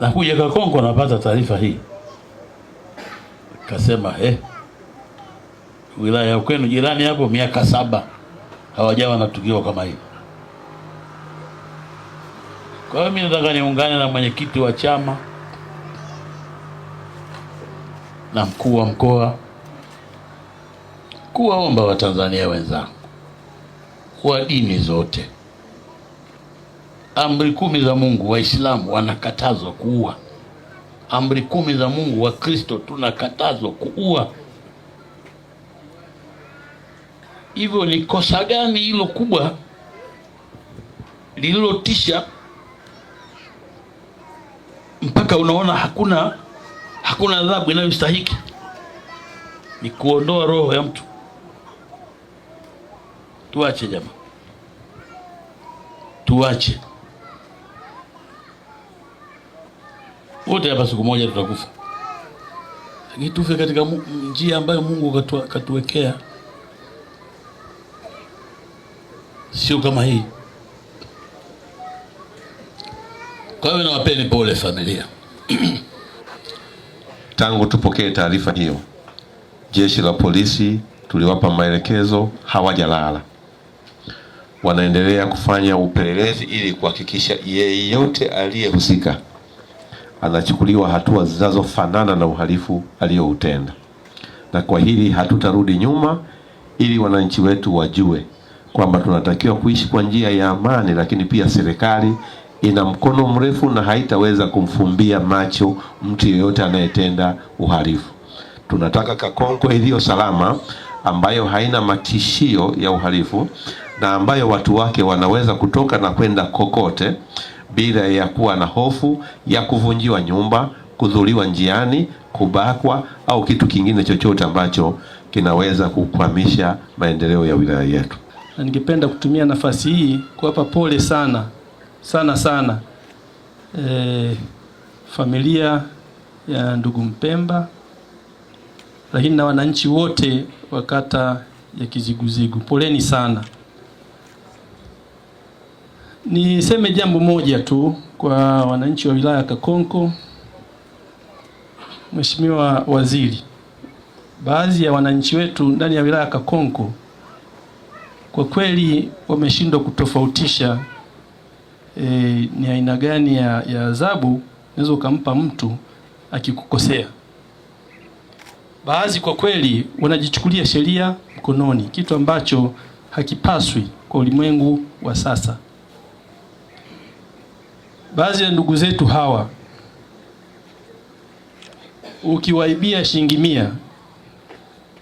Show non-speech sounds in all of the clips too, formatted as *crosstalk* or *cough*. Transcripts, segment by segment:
Nakuja Kakonko napata taarifa hii, kasema eh, wilaya ya kwenu jirani hapo miaka saba hawajawa na tukio kama hili. Kwa hiyo mimi nataka niungane na mwenyekiti wa chama na mkuu wa mkoa kuwaomba Watanzania wenzangu wa dini zote Amri kumi za Mungu, Waislamu wanakatazwa kuua. Amri kumi za Mungu, Wakristo tunakatazwa kuua. Hivyo ni kosa gani hilo kubwa lililotisha mpaka unaona hakuna hakuna adhabu inayostahiki? Ni kuondoa roho ya mtu. Tuache jamaa, tuache. Wote hapa siku moja tutakufa, lakini tufe katika njia ambayo Mungu katuwekea, sio kama hii. Kwa hiyo nawapeni pole familia. *clears throat* Tangu tupokee taarifa hiyo, jeshi la polisi tuliwapa maelekezo, hawajalala, wanaendelea kufanya upelelezi ili kuhakikisha yeyote aliyehusika anachukuliwa hatua zinazofanana na uhalifu aliyoutenda, na kwa hili hatutarudi nyuma, ili wananchi wetu wajue kwamba tunatakiwa kuishi kwa njia ya amani, lakini pia serikali ina mkono mrefu na haitaweza kumfumbia macho mtu yeyote anayetenda uhalifu. Tunataka Kakonko iliyo salama, ambayo haina matishio ya uhalifu na ambayo watu wake wanaweza kutoka na kwenda kokote bila ya kuwa na hofu ya kuvunjiwa nyumba, kudhuliwa njiani, kubakwa au kitu kingine chochote ambacho kinaweza kukwamisha maendeleo ya wilaya yetu. Na ningependa kutumia nafasi hii kuwapa pole sana sana sana e, familia ya ndugu Mpemba, lakini na wananchi wote wa kata ya Kiziguzigu, poleni sana. Niseme jambo moja tu kwa wananchi wa wilaya ya Kakonko. Mheshimiwa Waziri, baadhi ya wananchi wetu ndani ya wilaya ya Kakonko kwa kweli wameshindwa kutofautisha e, ni aina gani ya adhabu unaweza ukampa mtu akikukosea. Baadhi kwa kweli wanajichukulia sheria mkononi, kitu ambacho hakipaswi kwa ulimwengu wa sasa baadhi ya ndugu zetu hawa ukiwaibia shilingi mia,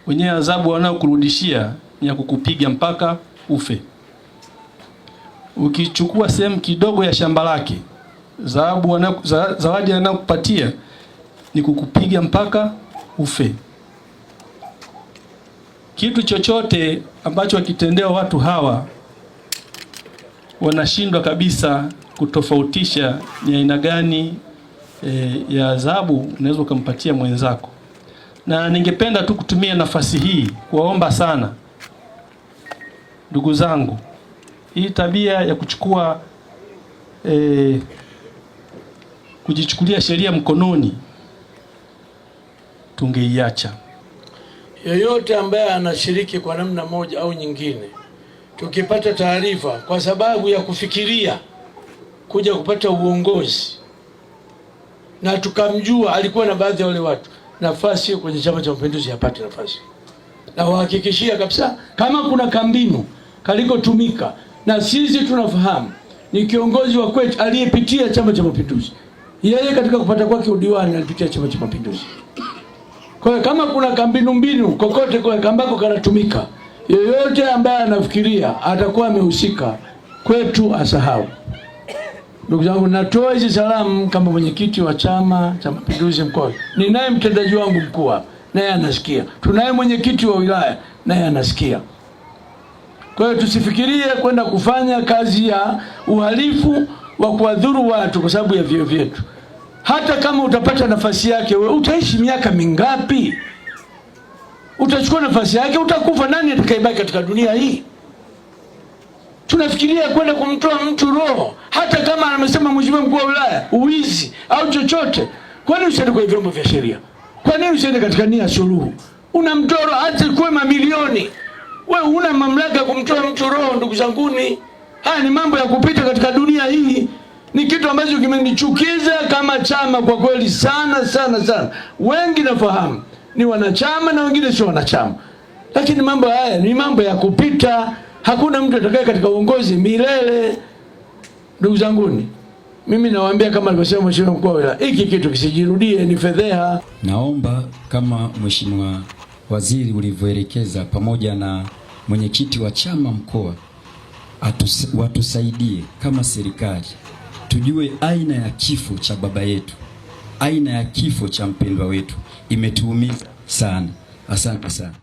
wenyewe adhabu wanaokurudishia ni ya kukupiga mpaka ufe. Ukichukua sehemu kidogo ya shamba lake, zawadi za, anayokupatia ni kukupiga mpaka ufe. Kitu chochote ambacho wakitendewa watu hawa wanashindwa kabisa kutofautisha ni aina gani e, ya adhabu unaweza ukampatia mwenzako, na ningependa tu kutumia nafasi hii kuwaomba sana ndugu zangu, hii tabia ya kuchukua e, kujichukulia sheria mkononi tungeiacha. Yeyote ambaye anashiriki kwa namna moja au nyingine, tukipata taarifa kwa sababu ya kufikiria kuja kupata uongozi na tukamjua, alikuwa na baadhi ya wale watu, nafasi hiyo kwenye Chama cha Mapinduzi yapate nafasi, na wahakikishia kabisa kama kuna kambinu kalikotumika na sisi tunafahamu ni kiongozi wa kwetu aliyepitia Chama cha Mapinduzi. Yeye katika kupata kwake udiwani alipitia Chama cha Mapinduzi. Kwa hiyo kama kuna kambinu mbinu kokote kwa kambako kanatumika, yoyote ambaye anafikiria atakuwa amehusika kwetu asahau. Ndugu zangu, natoa hizi salamu kama mwenyekiti wa Chama cha Mapinduzi mkoa. Ninaye mtendaji wangu mkuu naye anasikia. Tunaye mwenyekiti wa wilaya, naye anasikia. Kwa hiyo tusifikirie kwenda kufanya kazi ya uhalifu wa kuwadhuru watu kwa sababu ya vyeo vyetu. Hata kama utapata nafasi yake, we utaishi miaka mingapi? Utachukua nafasi yake, utakufa. Nani atakayebaki katika dunia hii? Tunafikiria kwenda kumtoa mtu roho uwe mkuu wa wilaya, uwizi au chochote. Kwa nini usiende kwenye vyombo vya sheria? Kwa nini usiende katika nia suluhu? Una mtoro hata kwa mamilioni, we una mamlaka kumtoa mtu roho. Ndugu zanguni, haya ni mambo ya kupita katika dunia hii ni kitu ambacho kimenichukiza kama chama kwa kweli sana sana sana. Wengi nafahamu ni wanachama na wengine sio wanachama, lakini mambo haya ni mambo ya kupita. Hakuna mtu atakaye katika uongozi milele, ndugu zanguni. Mimi nawaambia kama alivyosema mheshimiwa mkuu wa wilaya, hiki kitu kisijirudie, ni fedheha. Naomba kama mheshimiwa waziri ulivyoelekeza, pamoja na mwenyekiti wa chama mkoa atus, watusaidie kama serikali tujue aina ya kifo cha baba yetu, aina ya kifo cha mpendwa wetu, imetuumiza sana. Asante sana.